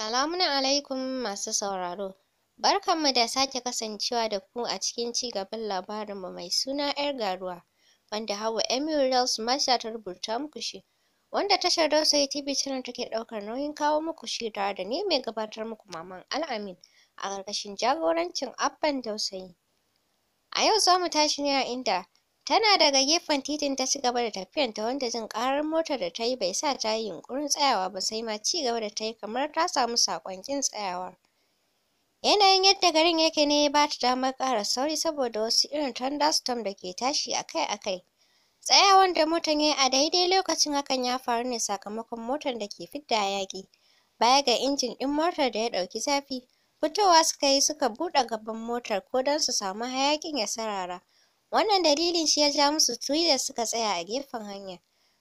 Salamu alaikum masu sauraro. Barkanmu da sake kasancewa da ku a cikin ci gaban labarinmu mai suna 'yar garuwa, wanda Hauwa Emirels Masha ta rubuta muku shi, wanda tashar Dausayi TV Channel take ɗaukar nauyin kawo muku shi tare da ne mai gabatar muku Maman Al'amin a ƙarƙashin jagorancin Abban Dausayi. A yau za mu tashi ne a inda Tana daga gefen titin ta cigaba da tafiyanta wanda jin karar motar da ta yi bai sa ta yi yunkurin tsayawa ba sai ma ci gaba da ta yi kamar ta samu sakon ƙin tsayawa. Yanayin yadda garin yake ne ya ba ta damar ƙara sauri saboda wasu irin thunderstorm da ke tashi akai-akai. Tsayawan da motar ya yi a daidai lokacin hakan ya faru ne sakamakon motar da ke fidda hayaƙi. Baya ga injin ɗin motar da ya ɗauki zafi, fitowa suka yi suka buɗe gaban motar ko don su samu hayakin ya sarara. Wannan dalilin shi ya ja musu tuwi da suka tsaya a gefen hanya.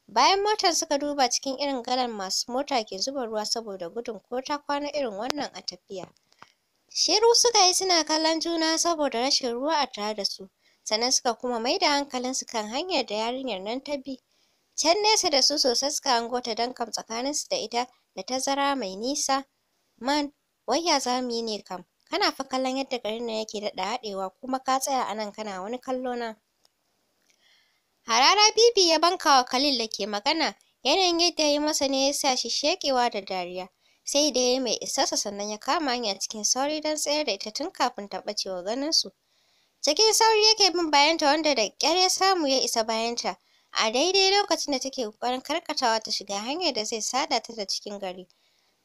Bayan motar suka duba cikin irin galan masu mota ke zuba ruwa saboda gudun ko ta kwana irin wannan a tafiya. Shiru suka yi suna kallon juna saboda rashin ruwa a tare da su, sannan suka kuma mai da hankalinsu kan hanyar da yarinyar nan ta bi. Can nesa da su sosai suka hango ta dankam kam tsakaninsu da ita da tazara mai nisa. Man, wai ya za yi ne kam? kana fa kallon yadda garin nan yake daɗa haɗewa kuma ka tsaya a nan kana wani kallo na harara bibi ya banka wa Khalil da ke magana yanayin yadda ya yi masa ne ya sa shi sheƙewa da dariya sai da ya yi mai isarsa sannan ya kama hanya cikin sauri don tsayar da ita tun kafin ta ɓace wa ganinsu cikin sauri yake bin bayanta wanda da kyar ya samu ya isa bayanta a daidai lokacin da take ƙoƙarin karkatawa ta shiga hanyar da zai sada ta da cikin gari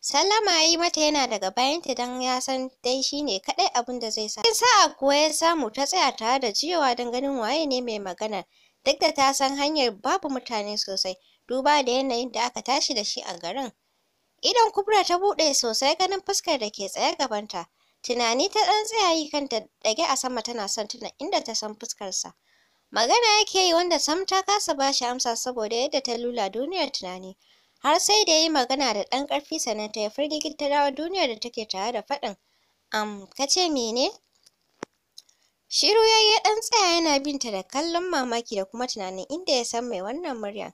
Sallama ya yi mata yana daga bayanta don ya san dai shi ne kaɗai abin da zai sa. Cikin sa'a kuwa ya samu ta tsaya tare da jiyowa don ganin waye ne mai magana. Duk da ta san hanyar babu mutane sosai, duba da yanayin da aka tashi da shi a garin. Idan Kubra ta buɗe sosai ganin fuskar da ke tsaye gabanta. Tunani ta ɗan tsaya yi kanta ɗage a sama tana son tuna inda ta san fuskarsa. Magana yake yi wanda sam ta kasa ba shi amsa saboda yadda ta lula duniyar tunani. har sai da ya yi magana da ɗan ƙarfi sannan ta yi firgigit ta dawa duniyar da take tare da faɗin am ka ce mene shiru ya yi ɗan tsaya yana bin ta da kallon mamaki da kuma tunanin inda ya san mai wannan muryar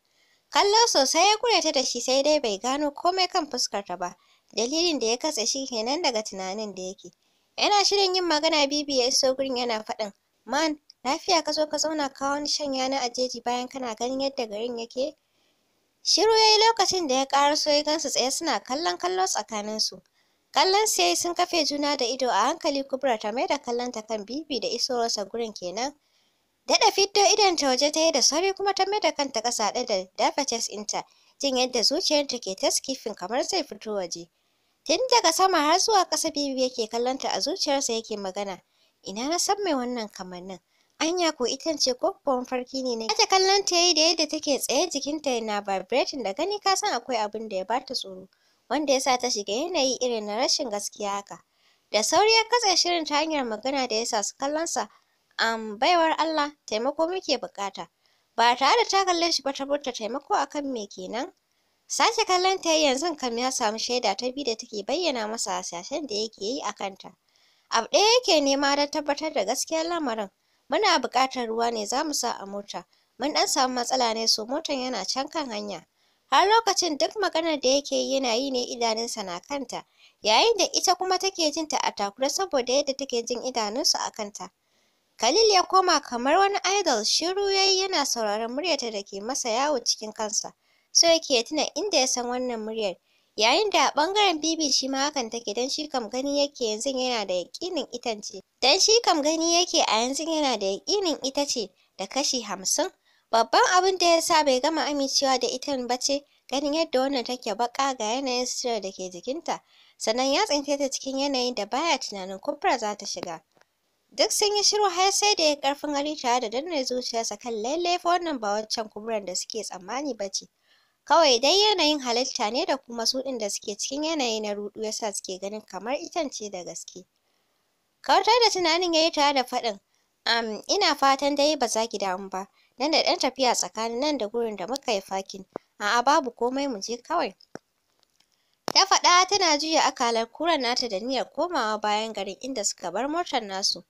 kallo sosai ya kure ta da shi sai dai bai gano komai kan fuskarta ba dalilin da ya katse shi kenan daga tunanin da yake yana shirin yin magana bibi ya iso gurin yana faɗin man lafiya ka zo ka zauna ka wani shanya na a jeji bayan kana ganin yadda garin yake Shiru ya yi lokacin da ya ƙaraso ya gansu tsaye suna kallon kallo tsakaninsu. Kallon su yi sun kafe juna da ido a hankali Kubra ta mai da kallonta kan Bibi da isowarsa gurin kenan. Daɗa fiddo ta waje ta yi da sauri kuma ta mai da kanta ƙasa haɗe da dafa chest ɗinta, jin yadda zuciyarta ke ta skifin kamar zai fito waje. Tun daga sama har zuwa ƙasa Bibi yake kallonta a zuciyarsa yake magana, ina na san mai wannan kamannin. Anya ko ita ce ko kuwa farki ne na. Ita kallon ta yi da yadda take tsaye jikinta yana vibrating da gani ka san akwai abin da ya bata tsoro wanda ya sa ta shiga yanayi irin na rashin gaskiya haka. Da sauri ya katse shirin ta hanyar magana da ya sa su kallonsa. Am baiwar Allah taimako muke buƙata. Ba tare da ta kalle shi ba ta furta taimako akan me kenan? Sake kallon ta yanzu kam ya samu shaida ta biyu da take bayyana masa hasashen da yake yi a kanta. Abu ɗaya yake nema don tabbatar da gaskiyar lamarin. muna buƙatar ruwa ne za mu sa a mota mun ɗan samu matsala ne so motan yana can kan hanya har lokacin duk maganar da yake yi yana yi ne idanunsa na kanta yayin da ita kuma take jin ta a takure saboda yadda take jin idanunsu a kanta Khalil ya koma kamar wani idol shiru yayi yana sauraron muryarta da ke masa yawo cikin kansa so yake ke tuna inda ya san wannan muryar yayin da bangaren ɓangaren bibi shi ma hakan take don shi kam gani yake yanzu yana da yakinin ita ce dan shi kam gani yake a yanzu yana da yakinin ita ce da kashi hamsin babban abin da ya sa bai gama amincewa da ita ba ce ganin yadda wannan take baka ga yanayin suturar da ke jikinta sannan ya tsinte ta cikin yanayin da baya tunanin kubra za ta shiga duk sun yi shiru har sai da ya ƙarfin hali tare da danne zuciyarsa kan lallai fa wannan ba wancan kuburan da suke tsammani ba ce Kawai dai yanayin halitta ne da kuma su ɗin da suke cikin yanayi na ruɗu yasa suke ganin kamar itan da gaske. Kawartar da tunanin ya yi tare da faɗin, um, ina fatan dai ba za ki damu ba, nan da ɗan tafiya tsakanin nan da gurin da muka yi fakin, a'a babu komai mu je kawai. Ta faɗa tana juya akalar kuran nata da niyyar komawa bayan garin inda suka bar motar nasu.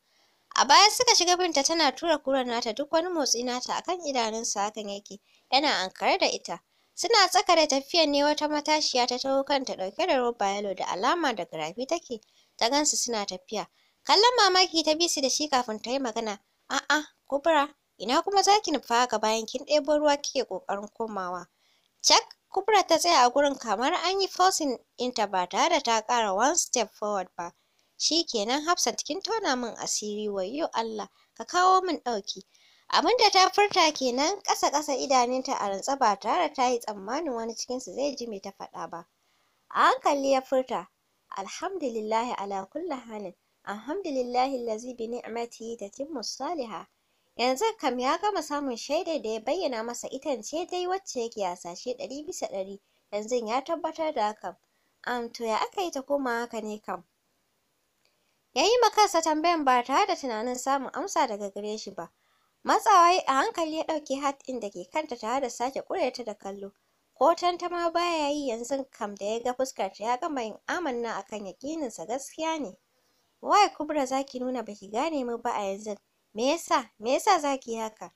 A baya suka shiga binta tana tura kuran nata duk wani motsi nata akan idanunsa hakan yake, yana ankare da ita. Suna tsaka da tafiyar ne wata matashiya ta taho kanta ɗauke da roba yalo da alama da garafi take ta gansu suna tafiya. Kallon mamaki ta bi su da shi kafin ta yi magana. A'a, Kubra, ina kuma za ki nufa haka bayan kin ɗebo ruwa kike ƙoƙarin komawa? Cak, Kubra ta tsaya a gurin kamar an yi forcing ɗinta ba tare da ta ƙara one step forward ba. Shi kenan Hafsat kin tona min asiri wayyo Allah, ka kawo min ɗauki. da ta furta kenan ƙasa ƙasa idanunta a rantsa ba tare ta yi tsammanin wani cikinsu zai ji me ta faɗa ba a hankali ya furta alhamdulillahi ala kulli halin alhamdulillahi allazi bi ni'matihi tatimmu saliha yanzu kam ya gama samun shaidar da ya bayyana masa itan ce dai wacce yake hasashe ɗari bisa ɗari yanzu ya tabbatar da hakan am to ya aka yi ta koma haka ne kam ya yi ma kansa tambayan ba ta da tunanin samun amsa daga gare shi ba Matsawa a hankali ya ɗauki hat ɗin da ke kanta tare da sake ƙure ta da kallo. Ko tantama baya yi yanzu kam da ya ga fuskarta ya gama yin amanna akan yaƙininsa gaskiya ne. Wai Kubra zaki nuna baki gane mu ba a yanzu. Me yasa? Me yasa za ki haka?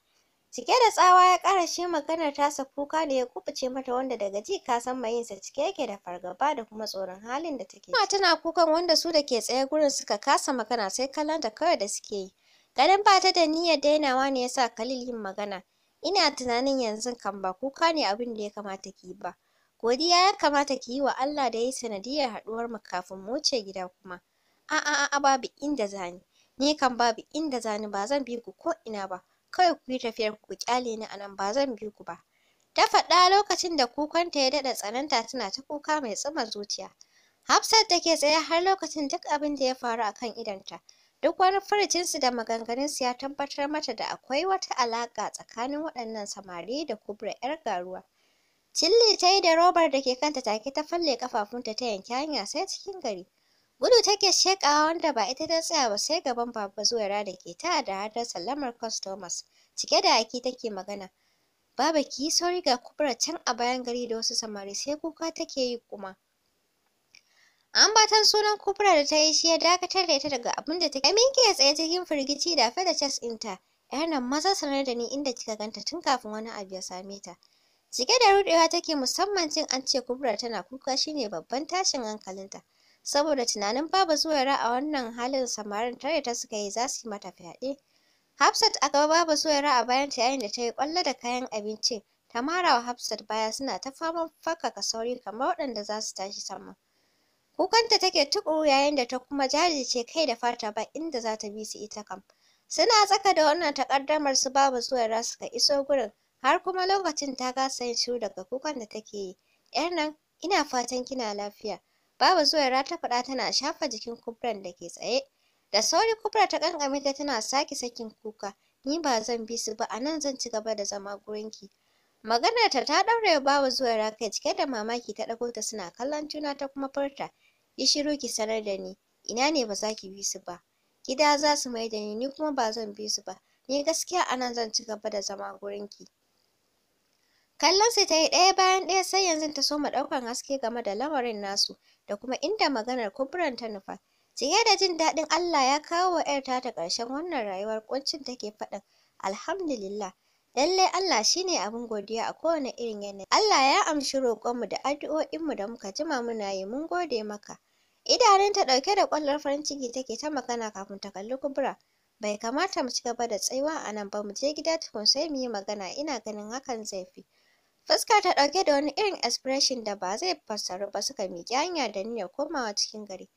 Cike da tsawa ya ƙara shi maganar tasa kuka da ya kubuce mata wanda daga ji ka san yinsa cike yake da fargaba da kuma tsoron halin da take. Kuma tana kukan wanda su da ke tsaye gurin suka kasa magana sai kallon da kawai da suke yi. Ganin ba ta da niyyar dainawa ne ya sa Khalil yin magana. Ina tunanin yanzu kan ba kuka ne abin da ya kamata ki yi ba. Godiya ya kamata ki yi wa Allah da ya yi sanadiyar haɗuwar mu kafin mu wuce gida kuma. A'a a'a babu inda zani. Ni kan babu inda zani ba zan bi ku ko ina ba. Kawai ku yi tafiyar ku kyale ni anan nan ba zan bi ku ba. Ta faɗa lokacin da kukanta ya daɗa tsananta tana ta kuka mai tsuma zuciya. Hafsat take tsaye har lokacin duk abin da ya faru a kan idonta. Duk wani su da maganganun su ya tabbatar mata da akwai wata alaƙa tsakanin waɗannan samari da Kubra 'yar garuwa. Cilli ta yi da robar da ke kanta take ta falle kafafunta ta yanke hanya sai cikin gari. Gudu take sheƙawa wanda ba ita ta tsaya ba sai gaban Baba Zuwaira da ke ta da hadar sallamar customers. Cike da haki take magana. Baba ki yi sauri ga Kubra can a bayan gari da wasu samari sai kuka take yi kuma. Ambatan sunan Kubra da ta yi shi ya dakatar da ita daga abin da take. Aminki ya tsaye cikin firgici da fada da chest ɗinta. ‘Yar nan maza sanar da ni inda kika ganta tun kafin wani abu ya same ta. Cike da ruɗewa take musamman cin an ce Kubra tana kuka shine babban tashin hankalinta. Saboda tunanin babu zuwaira a wannan halin samarin tare ta suka yi za su yi mata fyaɗe. Hafsat a gaba babu zuwaira a bayan ta yayin da ta yi ƙwallo da kayan abinci, Ta marawa wa Hafsat baya suna ta faman fakaka sauri kamar waɗanda za su tashi sama. Kukanta take tukuru yayin da ta kuma jajirce kai da fata ba inda za ta bi su ita kam. Suna tsaka da wannan takaddamar su babu zuwa suka iso gurin har kuma lokacin ta kasa yin shiru daga kukan da take yi. ‘Yar nan ina fatan kina lafiya. Babu zuwa ta faɗa tana shafa jikin kubran da ke tsaye. Da sauri kubra ta kankame ta tana sake sakin kuka. Ni ba zan bi su ba a nan zan ci gaba da zama gurinki. Maganarta ta ɗaure babu zuwa kai cike da mamaki ta ɗago ta suna kallon juna ta kuma furta. yi shiru ki sanar da ni ina ne ba za ki bi su ba gida za su mai da ni ni kuma ba zan bi su ba ni gaskiya a zan ci gaba da zama gurin ki kallon su ta yi ɗaya bayan ɗaya sai yanzu ta soma ɗaukan haske game da lamarin nasu da kuma inda maganar kuburan ta nufa cike da jin daɗin Allah ya kawo wa 'yarta ta ƙarshen wannan rayuwar ƙuncin take faɗin alhamdulillah Lallai Allah shi ne abin godiya a kowane irin yanayi. Allah ya amshi roƙonmu da addu'o'inmu da muka jima muna yi mun gode maka. Idanunta ɗauke da ƙwallon farin ciki take ta magana kafin ta kalli kubura. Bai kamata mu ci gaba da tsayuwa a nan ba mu je gida tukun sai mu yi magana ina ganin hakan zai fi. Fuska ta ɗauke da wani irin expression da ba zai fassaru ba suka miƙi hanya da niyyar komawa cikin gari.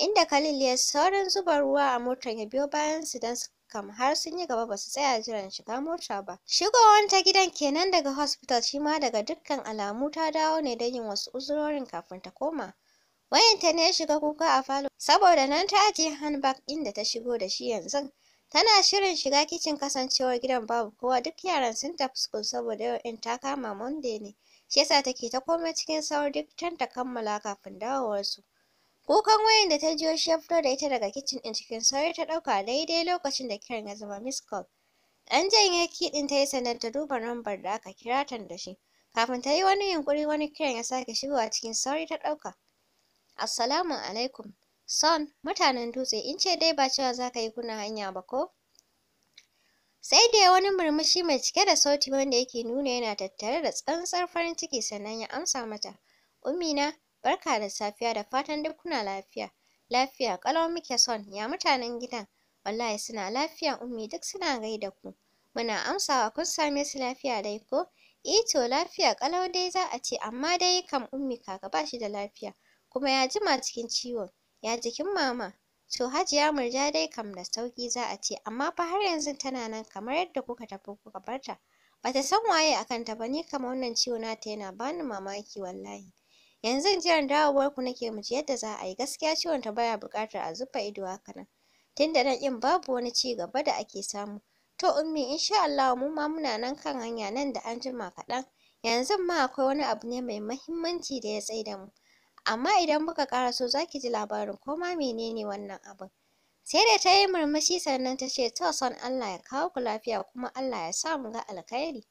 Inda Khalil ya saurin zuba ruwa a motar ya biyo bayan su don su kam har sun yi gaba basu tsaya jiran shiga mota ba shigowar ta gidan kenan daga hospital shi ma daga dukkan alamu ta dawo ne don yin wasu uzurorin kafin ta koma wayanta ne ya shiga kuka a falo saboda nan ta ajiye handbag inda ta shigo da shi yanzu tana shirin shiga kicin kasancewar gidan babu kowa duk yaran sun tafi school saboda yau ɗin ta kama monday ne shi yasa take ta komai cikin sauri duk can ta kammala kafin dawowarsu Kukan wayan da ta jiyo shi ya fito da ita daga kicin ɗin cikin sauri ta ɗauka daidai lokacin da kiran ya zama miss call. Ɗan janye kiɗin ta yi sannan ta duba lambar da aka kira ta da shi. Kafin ta yi wani yunƙuri wani kiran ya sake shigowa cikin sauri ta ɗauka. Assalamu alaikum. Son, mutanen dutse, in ce dai ba cewa za ka yi kuna hanya ba ko? Sai da wani murmushi mai cike da sauti wanda yake nuna yana tattare da tsantsar farin ciki sannan ya amsa mata. Ummina, Barka da safiya da fatan duk kuna lafiya. Lafiya kalau muke son, ya mutanen gidan? Wallahi suna lafiya ummi duk suna gaida ku. Muna amsawa kun same su lafiya dai ko? Eh to lafiya kalau dai za a ce amma dai kam ummi kaka ba shi da lafiya kuma ya jima cikin ciwo Ya jikin mama? To Hajiya Murja dai kam da sauki za a ce amma fa har yanzu tana nan kamar yadda kuka tafi kuka barta. Bata san waye akan ta ba ni kam wannan ciwo nata yana bani mamaki wallahi. yanzu in jiran dawowarku nake mu ji yadda za a yi gaskiya ciwon ta baya buƙatar a zuba ido haka nan tunda nan in babu wani ci gaba da ake samu to ummi insha Allah mu ma muna nan kan hanya nan da an jima kaɗan yanzu ma akwai wani abu ne mai mahimmanci da ya tsaida mu amma idan muka ƙara so za ki ji labarin ko ma menene wannan abin sai da ta yi murmushi sannan ta ce to son Allah ya kawo ku lafiya kuma Allah ya sa mu ga alkhairi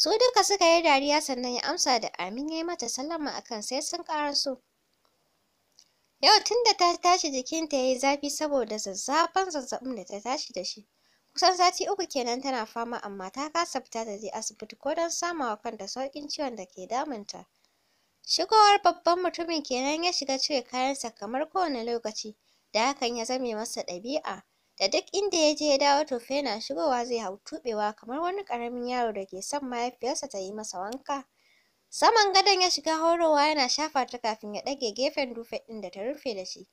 Su duka suka yi dariya sannan ya amsa da amin ya yi mata sallama akan sai sun ƙaraso. Yau tun da ta tashi jikinta ya yi zafi saboda zazzafan zazzabin da ta tashi da shi. Kusan sati uku kenan tana fama amma ta kasa fita ta je asibiti ko don samawa kanta sauƙin ciwon da ke damunta. Shigowar babban mutumin kenan ya shiga cire kayansa kamar kowane lokaci, da hakan ya zame masa ɗabi'a. da duk inda ya je ya dawo tofa yana shigowa zai hau tubewa kamar wani karamin yaro da ke son mahaifiyarsa ta yi masa wanka. Saman gadon ya shiga horowa yana shafa ta kafin ya ɗage gefen dufe ɗin da ta rufe da shi.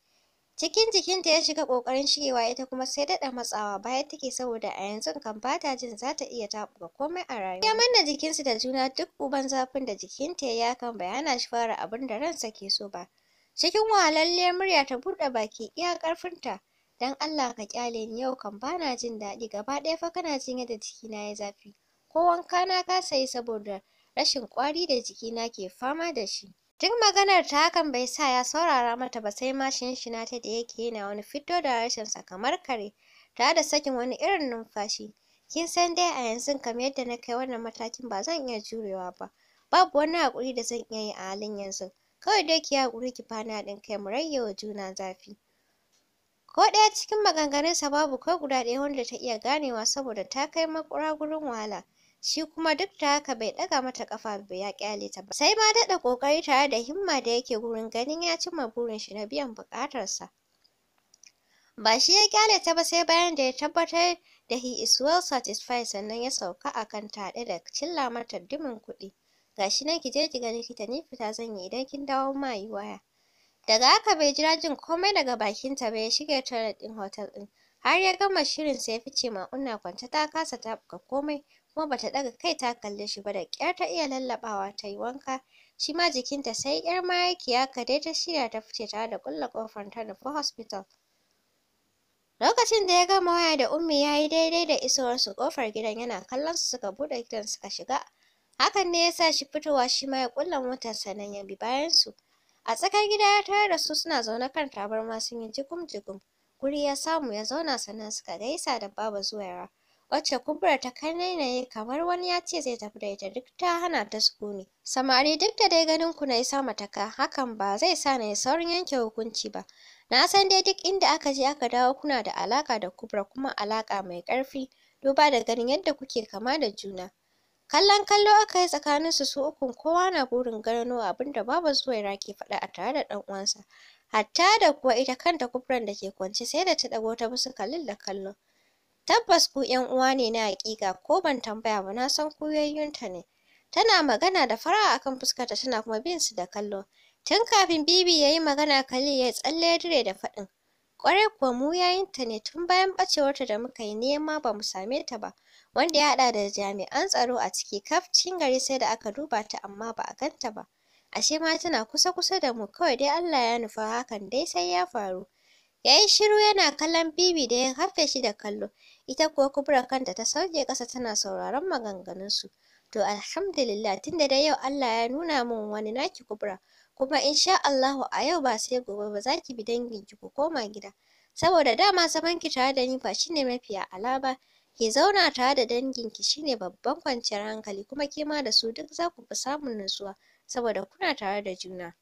Cikin jikinta ya shiga ƙoƙarin shigewa ita kuma sai daɗa matsawa baya take saboda a yanzu kan ba ta jin za ta iya taɓuka komai a rayuwa. Ya manna jikinsu da juna duk uban zafin da jikinta ya kan bayana bai hana shi fara abin da ransa ke so ba. Cikin wahalalliyar murya ta buɗe baki iya ƙarfinta. dan Allah ka kyale ni yau kan bana jin daɗi gaba ɗaya fa kana jin yadda jikina ya zafi ko wanka na kasa yi saboda rashin ƙwari da jikina ke fama da shi duk maganar ta hakan bai sa ya saurara mata ba sai ma shinshina ta da yake yana wani fito da sa kamar kare tare da sakin wani irin numfashi kin san dai a yanzu kam yadda na kai wannan matakin ba zan iya jurewa ba babu wani haƙuri da zan iya yi a halin yanzu kawai dai ki yi haƙuri ki bani ɗin kai mu rage juna zafi Ko ɗaya cikin maganganunsa babu kai guda ɗaya wanda ta iya ganewa saboda ta kai makura gurin wahala. Shi kuma duk da haka bai ɗaga mata ƙafa ba ya ƙyale ta ba. Sai ma daɗa ƙoƙari tare da himma da yake gurin ganin ya cimma burin shi na biyan buƙatarsa. Ba shi ya ƙyale ta ba sai bayan da ya tabbatar da he is well satisfied sannan ya sauka a kan taɗe da cilla mata dumin kuɗi. Ga shi nan ki je ki ga likita ni fita zan yi idan kin dawo ma yi waya. Daga haka bai jira jin komai daga bakinta ba ya shige toilet ɗin hotel ɗin. Har ya gama shirin sai ya fice ma'unna kwance ta kasa taɓuka komai kuma bata ɗaga kai ta kalle shi ba da ƙyar ta iya lallaɓawa ta yi wanka. Shima jikinta sai ƴar mayakiya ka dai ta shirya ta fice tare da ƙulla ƙofar ta nufi hospital. Lokacin da ya gama waya da Ummi ya yi daidai da isowar su ƙofar gidan yana kallon su suka buɗe gidan suka shiga. Hakan ne ya sa shi fitowa shima ya ƙulla motarsa nan ya bi bayansu. A tsakar gida ya tare da su suna zaune kan tabarma sun yi jigum-jigum. Guri ya samu ya zauna sannan suka gaisa da Baba Zuwaira, wacce kubura ta yi kamar wani ya ce zai tafi da ita duk ta hana ta sukuni. Samari duk da dai ganin ku na yi sama taka, hakan ba zai sa na yi saurin yanke hukunci ba. Na san dai duk inda aka je aka dawo kuna da alaka da kubra kuma alaƙa mai ƙarfi, duba da ganin yadda kuke kama da juna. Kallon kallo aka yi tsakanin su ukun kowa na burin gano abin da Baba Zuwaira ke faɗa a tare da ɗan uwansa. Hatta da kuwa ita kanta kubran da ke kwance sai da ta ɗago ta musu su da kallo. Tabbas ku 'yan uwa ne na haƙiƙa ko ban tambaya ba na san ku ne. Tana magana da fara'a akan fuskarta tana kuma bin su da kallo. Tun kafin Bibi ya yi magana Khalil ya tsalle ya dire da faɗin. Ƙwarai kuwa mu yayinta ne tun bayan ɓacewarta da muka yi nema ba mu same ta ba. wanda ya haɗa da jami'an tsaro a ciki kaf cikin gari sai da aka duba ta amma ba a ganta ba ashe ma tana kusa-kusa da mu kawai dai Allah ya nufa hakan dai sai ya faru yayi shiru yana kallon Bibi da ya hafe shi da kallo ita kuwa kubura kanta ta sauke ƙasa tana sauraron maganganun su to alhamdulillah tunda dai yau Allah ya nuna mun wani naki kubura kuma insha Allahu a yau ba sai gobe ba zaki bi dangin ki ku koma gida saboda dama zaman ki tare da ni ba shine mafiya alaba ba Ki zauna tare da danginki shine babban kwanciyar hankali kuma ke da su duk za ku fi samun nutsuwa saboda kuna tare da juna.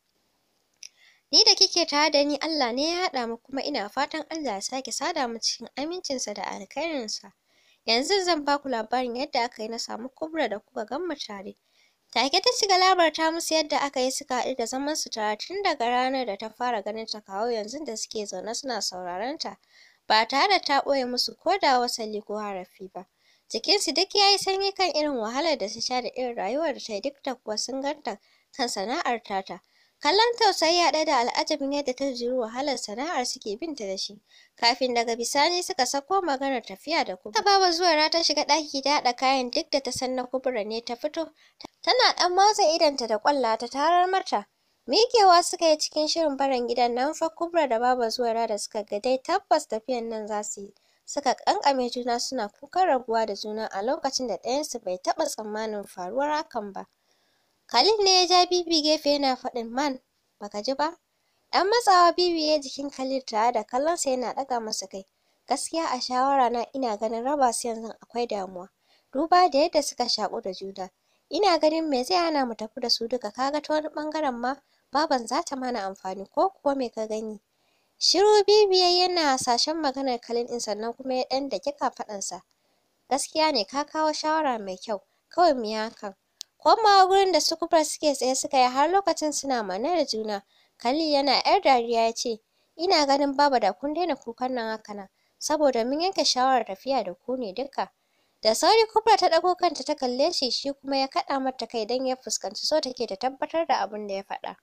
Ni da kike tare da ni Allah ne ya haɗa mu kuma ina fatan Allah ya sake sada mu cikin amincinsa da alkhairinsa. Yanzu zan ba ku labarin yadda aka yi na samu kubra da kuka gan mu tare. Take ta shiga labarta musu yadda aka yi suka haɗu da zaman su tare tun daga ranar da ta fara ganin ta kawo yanzu da suke zaune suna sauraron ta. ba tare da ta ɓoye musu ko da wasali ko harafi ba. Jikinsu duk ya yi sanyi kan irin wahalar da su sha da irin rayuwar da ta yi duk da kuwa sun ganta kan sana'ar tata. Kallon tausayi ɗaya da al'ajabin yadda ta jiri wahalar sana'ar suke binta da shi. Kafin daga bisani suka sako maganar tafiya da kuma Ta bawa zuwa ta shiga ɗaki ta haɗa kayan duk da ta san na kubura ne ta fito. Tana ɗan matsa idonta da ƙwalla ta tarar mata. Mikewa suka yi cikin shirin barin gidan nan fa Kubra da Baba Zuwaira da suka ga dai tabbas tafiyan nan za su yi. Suka ƙanƙame juna suna kukan rabuwa da juna a lokacin da ɗayansu bai taɓa tsammanin faruwar hakan ba. Khalid ne ya ja Bibi gefe yana faɗin man baka ji ba? Ɗan matsawa Bibi ya jikin Khalid tare da kallonsa yana ɗaga masa kai. Gaskiya a shawara na ina ganin raba su yanzu akwai damuwa. Duba da yadda suka shaku da juna. Ina ganin me zai hana mu tafi da su duka kaga ta wani ɓangaren ma baban za ta mana amfani ko kuwa mai ka gani shiru bibiya yana hasashen maganar kalin ɗin sannan kuma ya ɗan daki sa gaskiya ne ka kawo shawara mai kyau kawai mu yi hakan komawa gurin da su kufar suke tsaye suka yi har lokacin suna mana da juna Kalli yana yar dariya ya ce ina ganin baba da kun daina kukan nan haka nan saboda mun yanke shawarar tafiya da ku ne duka da sauri kufra ta ɗago kanta ta kalle shi shi kuma ya kaɗa mata kai don ya fuskanci so take ta tabbatar da abin da ya faɗa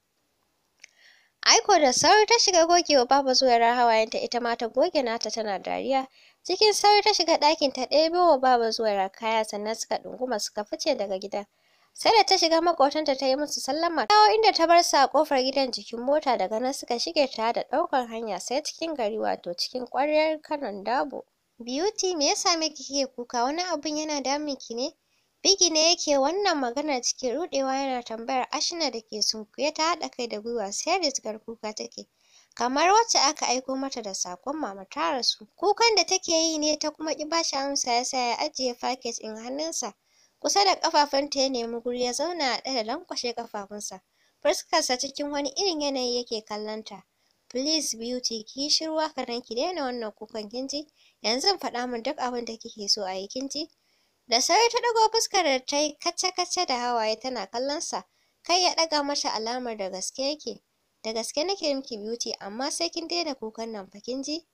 Aiko da sauri ta shiga gogewa babu zuwarar hawayenta ita ma ta goge nata tana dariya. Cikin sauri ta shiga ɗakin ta ɗebo wa babu kaya sannan suka ɗunguma suka fice daga gidan. Sai da ta shiga maƙotanta ta yi musu sallama. Dawo inda ta bar sa a ƙofar gidan jikin mota daga nan suka shige ta da ɗaukar hanya sai cikin gari wato cikin ƙwaryar kanon dabo. Beauty me ya same kike kuka wani abun yana damun ki ne? Bigi ne yake wannan magana cikin ruɗewa yana tambayar Ashna da ke sunkuye ta haɗa kai da gwiwa sai rizgar kuka take. Kamar wacce aka aiko mata da sakon mama ta rasu. Kukan da take yi ne ta kuma ƙi bashi amsa ya sa ya ajiye faket ɗin hannunsa. Kusa da ƙafafunta ya nemi guri ya zauna ya da lankwashe ƙafafunsa. Fuskarsa cikin wani irin yanayi yake kallon ta. Please beauty ki yi shiru haka nan ki daina wannan kukan kin ji? Yanzu faɗa min duk abin da kike so a yi kin ji? Da sauri ta ɗago fuskar da ta yi kace-kace da hawaye tana kallon sa. Kai ya ɗaga mata alamar da gaske yake. Da gaske nake miki beauty amma sai kin daina kukan nan fa kin ji.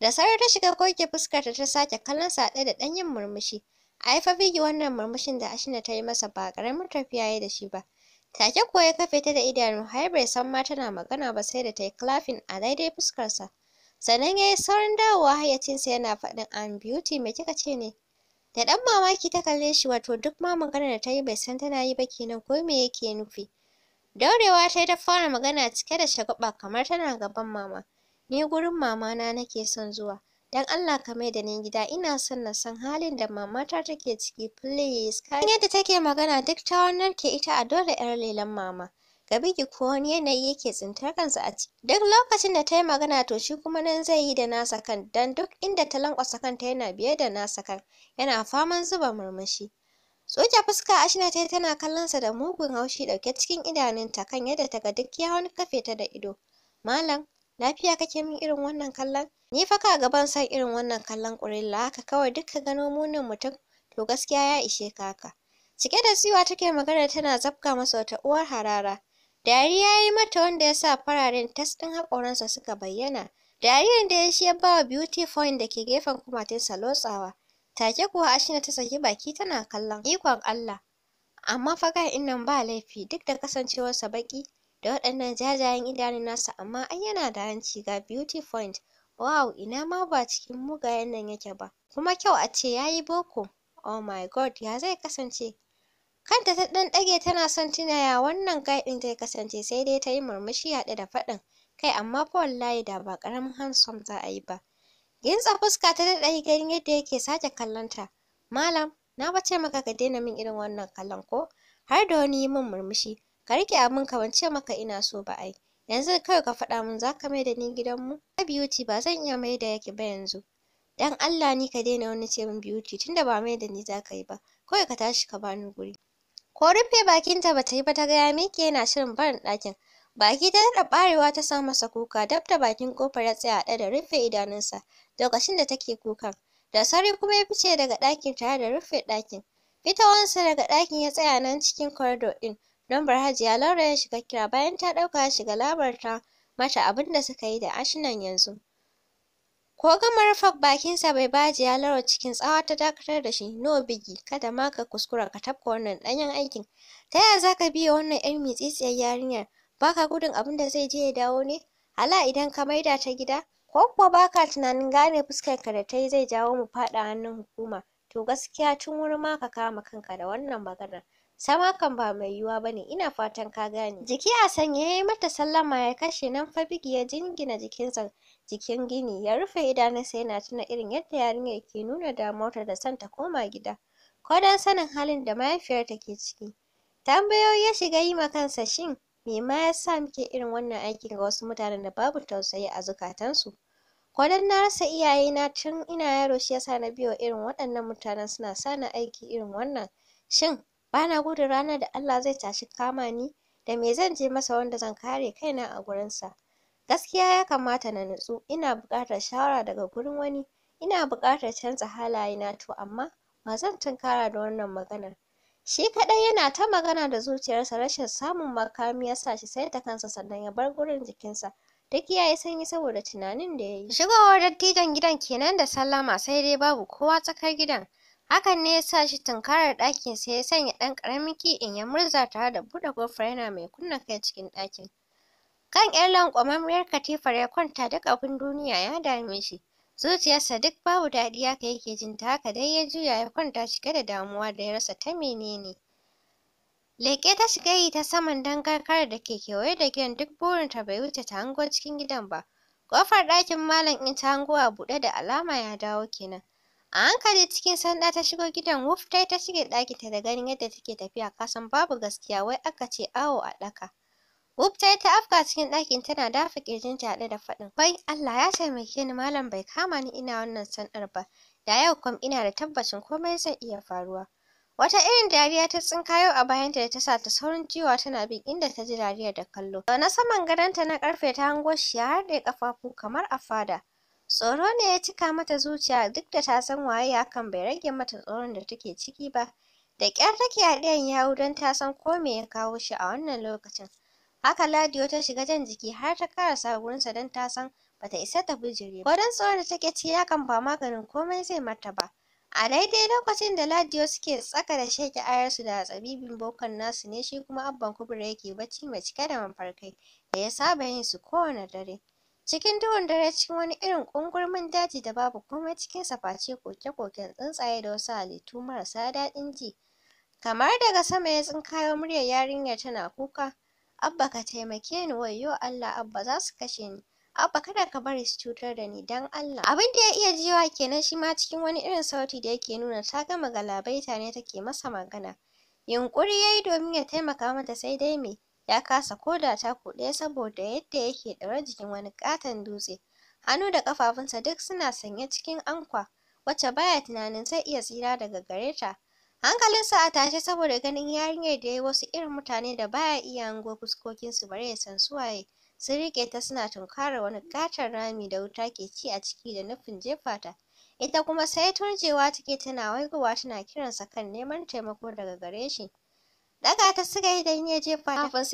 Da sauri ta shiga goge fuskar ta ta sake kallon sa haɗe da ɗan yin murmushi. Ai fa bigi wannan murmushin da Ashina ta yi masa ba ƙaramin tafiya yayi da shi ba. Take kuwa ya kafe ta da idanu har bai san ma tana magana ba sai da ta yi clapping a daidai fuskarsa. Sannan ya yi saurin dawowa hayyacinsa yana faɗin I'm beauty me kika ce ne? Da ɗan mamaki ta kalle shi wato duk ma maganar da ta yi bai san tana yi ba kenan ko me yake nufi. Daurewa ta yi ta fara magana cike da shagaba kamar tana gaban mama. Ni gurin mamana na nake son zuwa. Don Allah ka mai da ni gida ina son na san halin da mamata take ciki please. Kan yadda take magana duk ta wannan ke ita a dole 'yar lelon mama. Gabigi ko wani yanayi yake tsintar kansa a ciki. Duk lokacin da tayi magana to shi kuma nan zai yi da nasa kan dan duk inda ta lankwasa kanta yana biye da nasa kan yana faman zuba murmushi. Tsoke fuska ashina tayi tana kallon sa da mugun haushi dauke cikin idanunta kan yadda ta ga duk ya wani kafe ta da ido. Malam, lafiya kake min irin wannan kallon? Ni fa ka ga ban san irin wannan kallon ƙurilla haka kawai duk ka gano munin mutum to gaskiya ya ishe ka haka. Cike da tsiwa take magana tana zabka masa wata uwar harara. Dariya ya yi mata wanda ya sa fararen tas ɗin haƙoransa suka bayyana. Dariyar da ya shi ya ba wa Beauty Point da ke gefen kumatinsa lotsawa. Take kuwa Ashina ta saki baki tana kallon ikon Allah. Amma fa innan nan ba laifi duk da kasancewarsa baƙi da waɗannan jajayen idanun nasa amma ai yana da hanci ga Beauty Point. Wow ina ma ba cikin mugayen nan yake ba. Kuma kyau a ce ya yi boko. Oh my god ya zai kasance Kanta ta ɗan ɗage tana son tuna ya wannan gaɗin zai kasance sai dai ta yi murmushi haɗe da faɗin kai amma fa wallahi da ba ƙaramin handsome za a yi ba. Gintsa fuska ta daɗa yi ganin yadda yake sake kallonta. Malam, na bace maka ka daina min irin wannan kallon ko? Har da wani yi min murmushi. Ka riƙe abin ka ban maka ina so ba ai. Yanzu kawai ka faɗa min za ka mai da ni gidanmu? a beauty ba zan iya mai da yake ba yanzu. Dan Allah ni ka daina wani ce min beauty tunda ba mai da ni za ka yi ba. Kawai ka tashi ka bani guri. Ko rufe bakinta bata yi ba ta ga ya miƙe yana shirin barin ɗakin. Baki ta daɗa ɓarewa ta sa masa kuka dab da bakin ƙofar ya tsaya haɗe da rufe idanunsa lokacin da take kukan. Da sauri kuma ya fice daga ɗakin tare da rufe ɗakin. Fitowarsa daga ɗakin ya tsaya nan cikin corridor ɗin don Hajiya Laura ya shiga kira bayan ta ɗauka ya shiga labarta mata abin da suka yi da Ashinan yanzu. Ko gama rufe bakinsa bai baje ya cikin tsawa ta dakatar da shi, no bigi, kada ma ka kuskura ka tafka wannan ɗanyen aikin. Ta yaya za ka biya wannan 'yar mitsitsiyar yarinyar? Ba ka gudun abin da zai je ya dawo ne? Hala idan ka maida ta gida? Ko kuwa ba ka tunanin gane fuskarka da ta yi zai jawo mu faɗa hannun hukuma? To gaskiya tun wuri ma ka kama kanka da wannan magana. Sama kan ba mai yiwuwa ba ne, ina fatan ka gane. Jiki a sanye ya yi mata sallama ya kashe nan fa bigi ya jingina jikinsa jikin gini ya rufe idanunsa yana tuna irin yadda yarinyar ke nuna damuwarta da son ta koma gida ko don sanin halin da mahaifiyarta ke ciki tambayoyi ya shiga yi ma kansa shin me ma ya sa muke irin wannan aikin ga wasu mutanen da babu tausayi a zukatansu ko don na rasa iyayena tun ina yaro shi yasa na biyo irin waɗannan mutanen suna sa ni aiki irin wannan shin bana gudun ranar da Allah zai tashi kama ni da me zan je masa wanda zan kare kaina a gurinsa Gaskiya ya kamata na nutsu, ina buƙatar shawara daga gurin wani, ina buƙatar canza halayena to amma ba zan tunkara da wannan maganar? Shi kaɗai yana ta magana da zuciyarsa rashin samun makami ya sa shi saita kansa sannan ya bar gurin jikinsa. Duk ya yi sanyi saboda tunanin da ya yi. Shigowar dattijon gidan kenan da sallama sai dai babu kowa tsakar gidan. Hakan ne ya sa shi tunkarar ɗakin sai ya sanya ɗan ƙaramin in ya murza tare da buɗe ƙofar yana mai kunna kai cikin ɗakin. Kan ƴar lanƙwamammiyar katifar ya kwanta duk abin duniya ya dame shi. Zuciyarsa duk babu daɗi haka yake jin ta haka dai ya juya ya kwanta cike da damuwa da ya rasa ta menene. Leƙe ta shiga yi ta saman dangarkar da ke kewaye da gidan duk burinta bai wuce ta hango cikin gidan ba. Ƙofar ɗakin malam in ta hango a buɗe da alama ya dawo kenan. A hankali cikin sanda ta shigo gidan wuf ta shige ɗakinta da ganin yadda take tafiya kasan babu gaskiya wai aka ce awo a ɗaka. Wuf ya ta afka cikin ɗakin tana dafa ƙirjin ta haɗe da faɗin. kwai Allah ya taimake ni malam bai kama ni ina wannan sanar ba. Da yau kam ina da tabbacin komai zai iya faruwa. Wata irin dariya ta tsinka yau a bayanta da ta sa ta saurin jiwa tana bin inda ta ji dariyar da kallo. da na saman gadonta na ƙarfe ta hango shi ya haɗe ƙafafu kamar a fada. Tsoro ne ya cika mata zuciya duk da ta san waye hakan bai rage mata tsoron da take ciki ba. Da ƙyar take haɗiyan yawu don ta san ko me ya kawo shi a wannan lokacin. Haka Ladiyo ta shiga jan jiki har ta karasa gurinsa don ta san bata isa ta bijire ba. Wadan tsoron da take ya hakan ba maganin komai zai mata ba. A daidai lokacin da Ladiyo suke tsaka da sheke ayarsu da tsabibin bokan nasu ne shi kuma abban kubura yake bacci mai cike da mafarkai da ya saba yin su kowane dare. Cikin duhun dare cikin wani irin ƙungurmin daji da babu komai cikin face koke-koken tsuntsaye da wasu halittu marasa daɗin ji. Kamar daga sama ya tsinkayo muryar yarinyar tana kuka. Abba ka taimake ni wayyo Allah Abba za su kashe ni. Abba kada ka bari su cutar da ni don Allah. Abin da ya iya jiwa kenan shi ma cikin wani irin sauti da yake nuna ta gama galabaita ne take masa magana. Yunƙuri ya yi domin ya taimaka mata sai dai me ya kasa koda ta taku saboda yadda yake ɗaure jikin wani ƙaton dutse. Hannu da ƙafafunsa duk suna sanye cikin ankwa wacce baya tunanin zai iya tsira daga gare ta. Hankalinsa a tashe saboda ganin yarinyar da ya yi wasu irin mutane da baya iya hango fuskokinsu bare ya san su waye. Sun riƙe ta suna tunkarar wani ƙaton rami da wuta ke ci a ciki da nufin jefa ta. Ita kuma sai turjewa take tana waigowa tana kiransa kan neman taimako daga gare shi. Daga ta suka yi don ya jefa ta. Kafin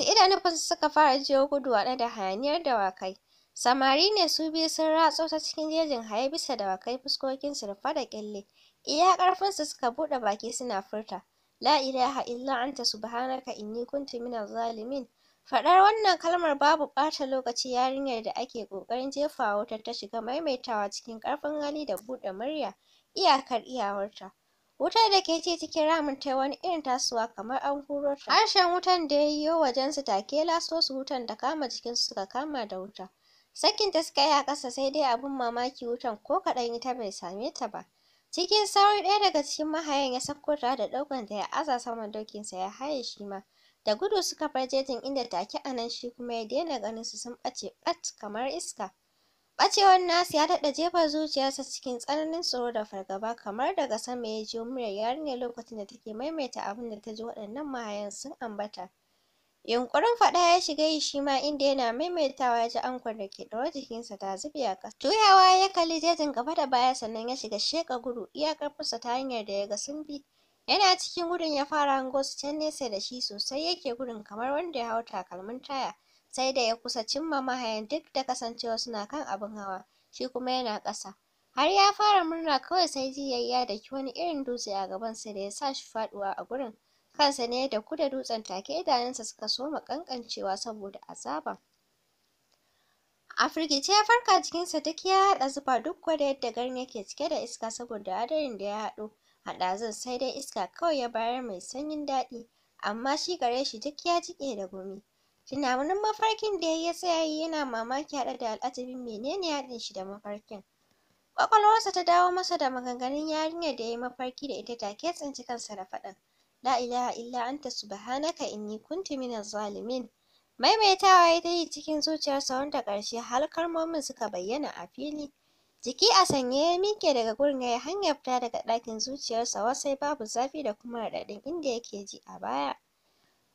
su suka fara jiyo gudu haɗe da hayaniyar dawakai. Samari ne su biyu sun ratso ta cikin jejin haye bisa dawakai fuskokinsu rufe da ƙyalle. iya ƙarfinsu suka buɗe baki suna furta la ilaha illa anta subhanaka inni kuntu minaz zalimin faɗar wannan kalmar babu ɓata lokaci yarinyar da ake ƙoƙarin jefawa wutar ta shiga maimaitawa cikin ƙarfin hali da buɗe murya iyakar iyawarta Wuta da ke ce cikin ramin ta wani irin tasowa kamar an huro ta harshen wutan da ya yiwo su take laso su wutan da kama jikinsu suka kama da wuta sakin ta suka yi a ƙasa sai dai abin mamaki wutan ko kaɗan ita bai same ta ba Cikin sauri ɗaya daga cikin mahayan ya sauko tare da ɗaukan ta ya aza saman dokinsa ya haye shi ma. Da gudu suka bar jejin inda take a nan shi kuma ya daina ganin su sun ɓace ɓat kamar iska. Ɓacewar nasu ya daɗa jefa zuciyarsa cikin tsananin tsoro da fargaba kamar daga sama ya jiyo muryar yarinyar lokacin da take maimaita abin da ta ji waɗannan mahayan sun ambata. Yunƙurin faɗa ya shiga yi shi ma inda yana maimaitawa ya ji angon da ke ɗaure jikinsa ta zubiya ƙasa. Juyawa ya kalli jejin gaba da baya sannan ya shiga sheƙa gudu iya ƙarfinsa ta hanyar da ya ga sun bi. Yana cikin gudun ya fara hango su can nesa da shi sosai yake gudun kamar wanda ya hau takalmin taya. Sai da ya kusa cimma mahayan duk da kasancewa suna kan abin hawa, shi kuma yana ƙasa. Har ya fara murna kawai sai ji ya daki wani irin dutse a gabansa da ya sa shi faɗuwa a gurin. kansa ne da ku da dutsen take idanunsa suka soma kankancewa saboda azaba a firgice ya farka jikinsa duk ya haɗa zuba duk da yadda garin yake cike da iska saboda hadarin da ya haɗo a ɗazun sai dai iska kawai ya bayar mai sanyin daɗi amma shi gare shi duk ya jiƙe da gumi tunanin mafarkin da ya tsaya yi yana mamaki haɗe da al'ajabin menene haɗin shi da mafarkin ƙwaƙwalwarsa ta dawo masa da maganganun yarinyar da ya yi mafarki da ita take tsinci kansa da faɗan la ilaha illa anta subhanaka inni kuntu minaz zalimin maimaitawa ya yi cikin zuciyarsa wanda ƙarshe har kalmomin suka bayyana a fili jiki a sanye ya mike daga gurin ya hanyar fita daga ɗakin zuciyarsa wasai babu zafi da kuma raɗaɗin inda yake ji a baya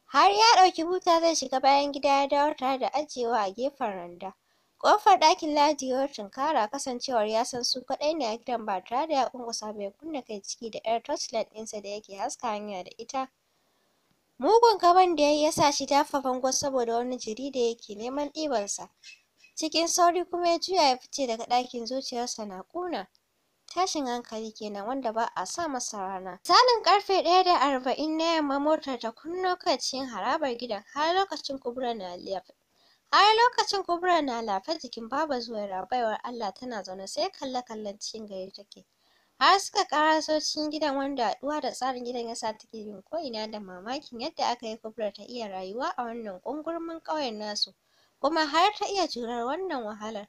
har ya ɗauki buta zai shiga bayan gida ya dawo tare da ajiyewa a gefen randa Ƙofar ɗakin Ladi ya tunkara kasancewar ya san su kaɗai ne a gidan ba tare da ya ƙunkusa ba ya kunna kai ciki da 'yar torchlight ɗinsa da yake haska hanya da ita. Mugun kaban da ya yi ya sa shi dafa bango saboda wani jiri da yake neman ɗibarsa. Cikin sauri kuma ya juya ya fice daga ɗakin zuciyarsa na ƙuna. Tashin hankali kenan wanda ba a sa masa rana. Misalin ƙarfe ɗaya da arba'in na yamma motar ta kunno kai cikin harabar gidan har lokacin kubura na Har lokacin Kubura na lafiyar jikin Baba zuwa rabaiwar Allah tana zaune sai kalle kallon cikin gari take. Har suka ƙaraso cikin gidan wanda haɗuwa da tsarin gidan ya sa take ko ina da mamakin yadda aka yi Kubura ta iya rayuwa a wannan ƙungurmin ƙauyen nasu, kuma har ta iya jurar wannan wahalar.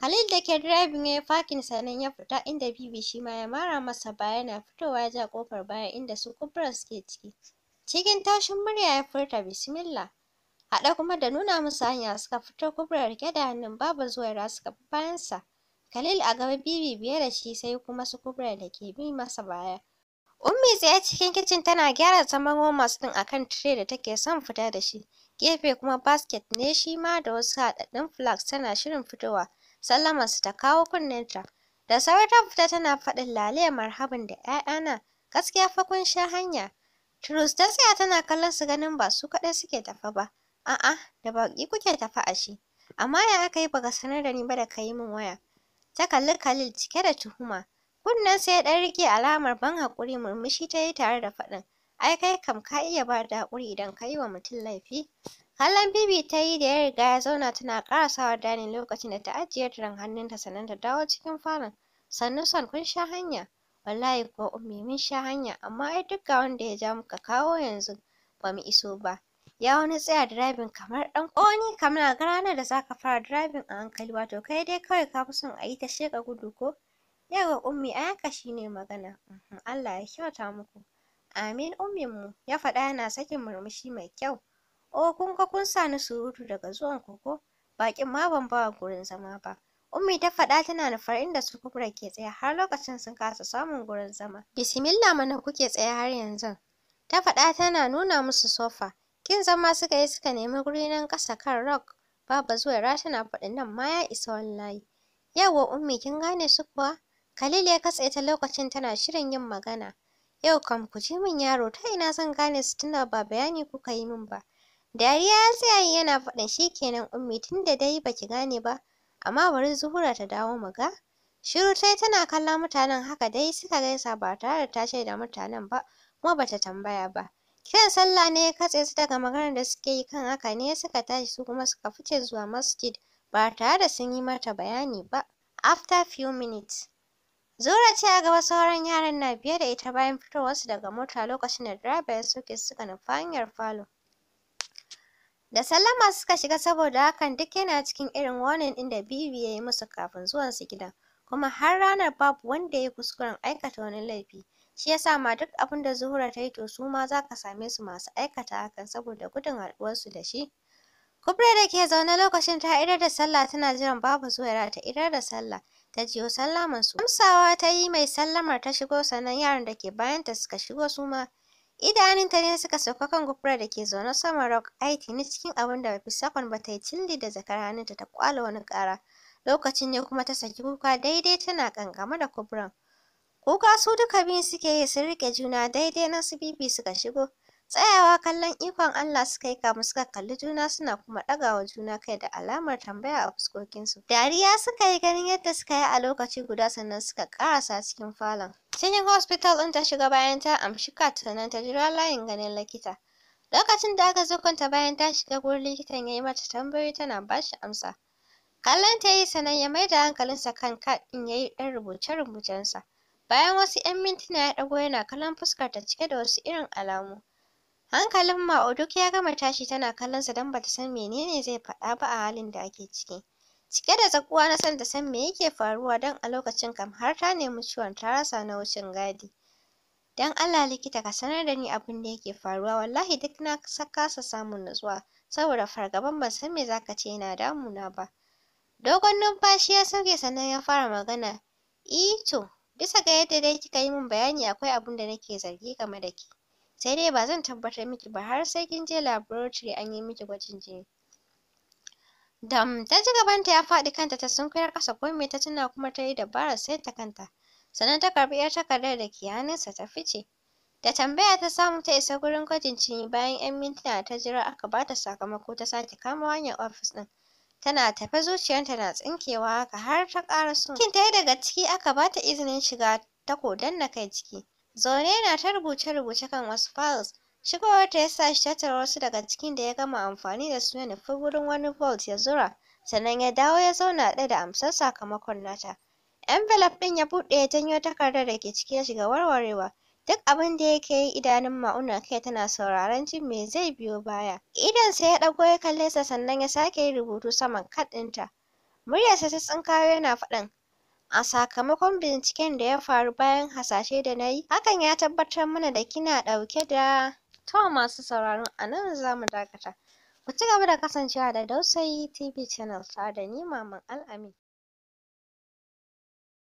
Khalil da ke direbin ya yi fakin sannan ya fita inda Bibi shi ma ya mara masa baya yana fitowa ya ja ƙofar baya inda su Kubura suke ciki. Cikin tashin murya ya furta bismillah. haɗe kuma da nuna musu hanya suka fito kubra rike da hannun babu zuwaira suka bi bayansa Khalil a gaba bibi biye da shi sai kuma su kubra da ke bi masa baya Ummi tsaye cikin kicin tana gyara zaman masu ɗin akan tire da take son fita da shi gefe kuma basket ne shi ma da wasu haɗaɗɗun flags tana shirin fitowa sallama su ta kawo kunnenta da sauri ta fita tana faɗin lale marhaban da 'ya'yana gaskiya fa kun sha hanya Trus ta tsaya tana kallon su ganin ba su kaɗai suke tafa ba A'a, da baƙi kuke tafe ashe. Amma ya aka yi baka sanar da ni ba da ka yi min waya? Ta kalli Khalil cike da tuhuma. sai ya ɗan rike alamar ban haƙuri murmushi ta yi tare da faɗin. Ai kai kam ka iya ba da haƙuri idan ka yi wa mutum laifi. Kallon Bibi ta yi da ya riga ya zauna tana ƙarasawa dani lokacin da ta ajiye tiran hannunta sannan ta dawo cikin falon. Sannu son kun sha hanya. Wallahi kuwa ummi mun sha hanya amma ai duk ga wanda ya ja muka kawo yanzu ba mu iso ba. ya wani tsaya direbin kamar ɗan ƙoni kamar ga ranar da zaka fara direbin a hankali wato kai dai kawai ka fi son a yi ta sheƙa gudu ko yawwa ummi a haka shi ne magana mhm, Allah ya kyauta muku amin mu ya faɗa yana sakin murmushi mai kyau oh kun ga kun sa surutu daga zuwan ku ko baƙin ma ban bawa gurin zama ba Ummi ta faɗa tana nufar inda su kubra ke tsaya, har lokacin sun kasa samun gurin zama. Bismillah mana kuke tsaya har yanzu. Ta faɗa tana nuna musu sofa. Kin zama suka yi suka nemi guri nan ƙasa kan rock. Baba Zuwaira tana faɗin nan ma ya isa wallahi. Yawwa ummi kin gane su kuwa? Khalil ya katse ta lokacin tana shirin yin magana. Yau kam ku ji min yaro ta ina zan gane su tunda ba bayani kuka yi min ba. Dariya ya tsaya yana faɗin shi kenan ummi tun da dai baki gane ba. Amma bari Zuhura ta dawo mu ga. Shiru tai tana kallon mutanen haka dai suka gaisa ba tare da ta shaida mutanen ba kuma ta tambaya ba. Kiran sallah ne ya katse su daga maganar da suke yi kan haka ne suka tashi su kuma suka fice zuwa masjid ba tare da sun yi mata bayani ba. After few minutes. Zura ce a gaba sauran yaran na biye da ita bayan fitowarsu daga mota lokacin da direba ya soke suka nufa hanyar falo. Da sallama suka shiga saboda hakan duk yana cikin irin warning ɗin da Bibi ya yi musu kafin zuwansu gidan, kuma har ranar babu wanda ya yi kuskuren aikata wani laifi. Shi ya sa ma duk abinda da Zuhura ta yi to su ma za ka same su masu aikata hakan saboda gudun haɗuwarsu da shi. Kubra da ke zaune lokacin ta idar da sallah tana jiran babu Zuwaira ta idar da sallah ta jiyo sallaman su. Amsawa ta yi mai sallamar ta shigo sannan yaran da ke bayanta suka shigo su ma. Idaninta ne suka sauka kan gubra da ke zaune saman rock aiti ni cikin abinda da bai sakon ba ta yi cilli da zakar hannunta ta kwala wani ƙara. Lokacin ne kuma ta saki kuka daidai tana kankama da kubran. Kuka su duka biyun suke yi sun riƙe juna daidai na su bibi suka shigo. Tsayawa kallon ikon Allah suka yi kamu suka kalli juna suna kuma ɗagawa juna kai da alamar tambaya a fuskokinsu. Dariya suka yi ganin yadda suka yi a lokaci guda sannan suka ƙarasa cikin falon. Cikin hospital ɗin ta shiga bayan ta amshi kat sannan ta jira layin ganin likita. Lokacin da aka zo kwanta bayan ta shiga gurin likitan ya yi mata tambayoyi tana ba shi amsa. Kallon ta yi sannan ya maida hankalinsa kan kat ɗin ya yi ɗan rubuce-rubucensa. Bayan wasu 'yan mintuna ya ɗago yana kallon fuskarta cike da wasu irin alamu. Hankalin Ma'o ya gama tashi tana kallonsa don bata san menene zai faɗa ba a halin da ake ciki. Cike da tsakuwa na son ta san me yake faruwa don a lokacin kam har ta nemi ciwon ta rasa na wucin gadi. Don Allah likita ka sanar da ni abin da yake faruwa wallahi duk na kasa samun nutsuwa saboda fargaban ban san me ka ce yana damuna ba. Dogon numfashi ya sauke sannan ya fara magana. ito eh Bisa ga yadda dai kika yi min bayani akwai abun da nake zargi game da ke, Sai dai ba zan tabbatar miki ba har sai kin je laboratory an yi miki gwajin jini. Dam ta ji gabanta ya faɗi kanta ta sunkuyar ƙasa ko me ta tuna kuma ta yi dabarar sai ta kanta. Sannan ta karɓi ƴar takardar da ke hannunsa ta fice. Da tambaya ta samu ta isa gurin gwajin jini bayan 'yan mintuna ta jira aka bata sakamako ta sake kamo hanyar ofis ɗin. tana tafe zuciyarta na tsinkewa haka har ta ƙara so. kin ta daga ciki aka ba ta izinin shiga ta ko danna kai ciki zaune yana ta rubuce-rubuce kan wasu files shigowar ta ya sa shi tattara wasu daga cikin da ya gama amfani da su ya nufi wurin wani vault ya zura sannan ya dawo ya zauna ɗaya da amsar sakamakon nata envelope ɗin ya buɗe ya janyo takardar da ke ciki ya shiga warwarewa Duk abin da yake yi idanun Ma'una kai tana sauraron jin me zai biyo baya. Idonsa ya ɗauko ya kalle sa sannan ya sake yin rubutu saman kad ɗinta. Muryarsa ta tsinkayo yana faɗan. a sakamakon binciken da ya faru bayan hasashe da na yi hakan ya tabbatar mana da kina ɗauke da to masu sauraro a nan za mu dakata ku ci gaba da kasancewa da Dausayi TV channel tare da ni Maman Al'amin.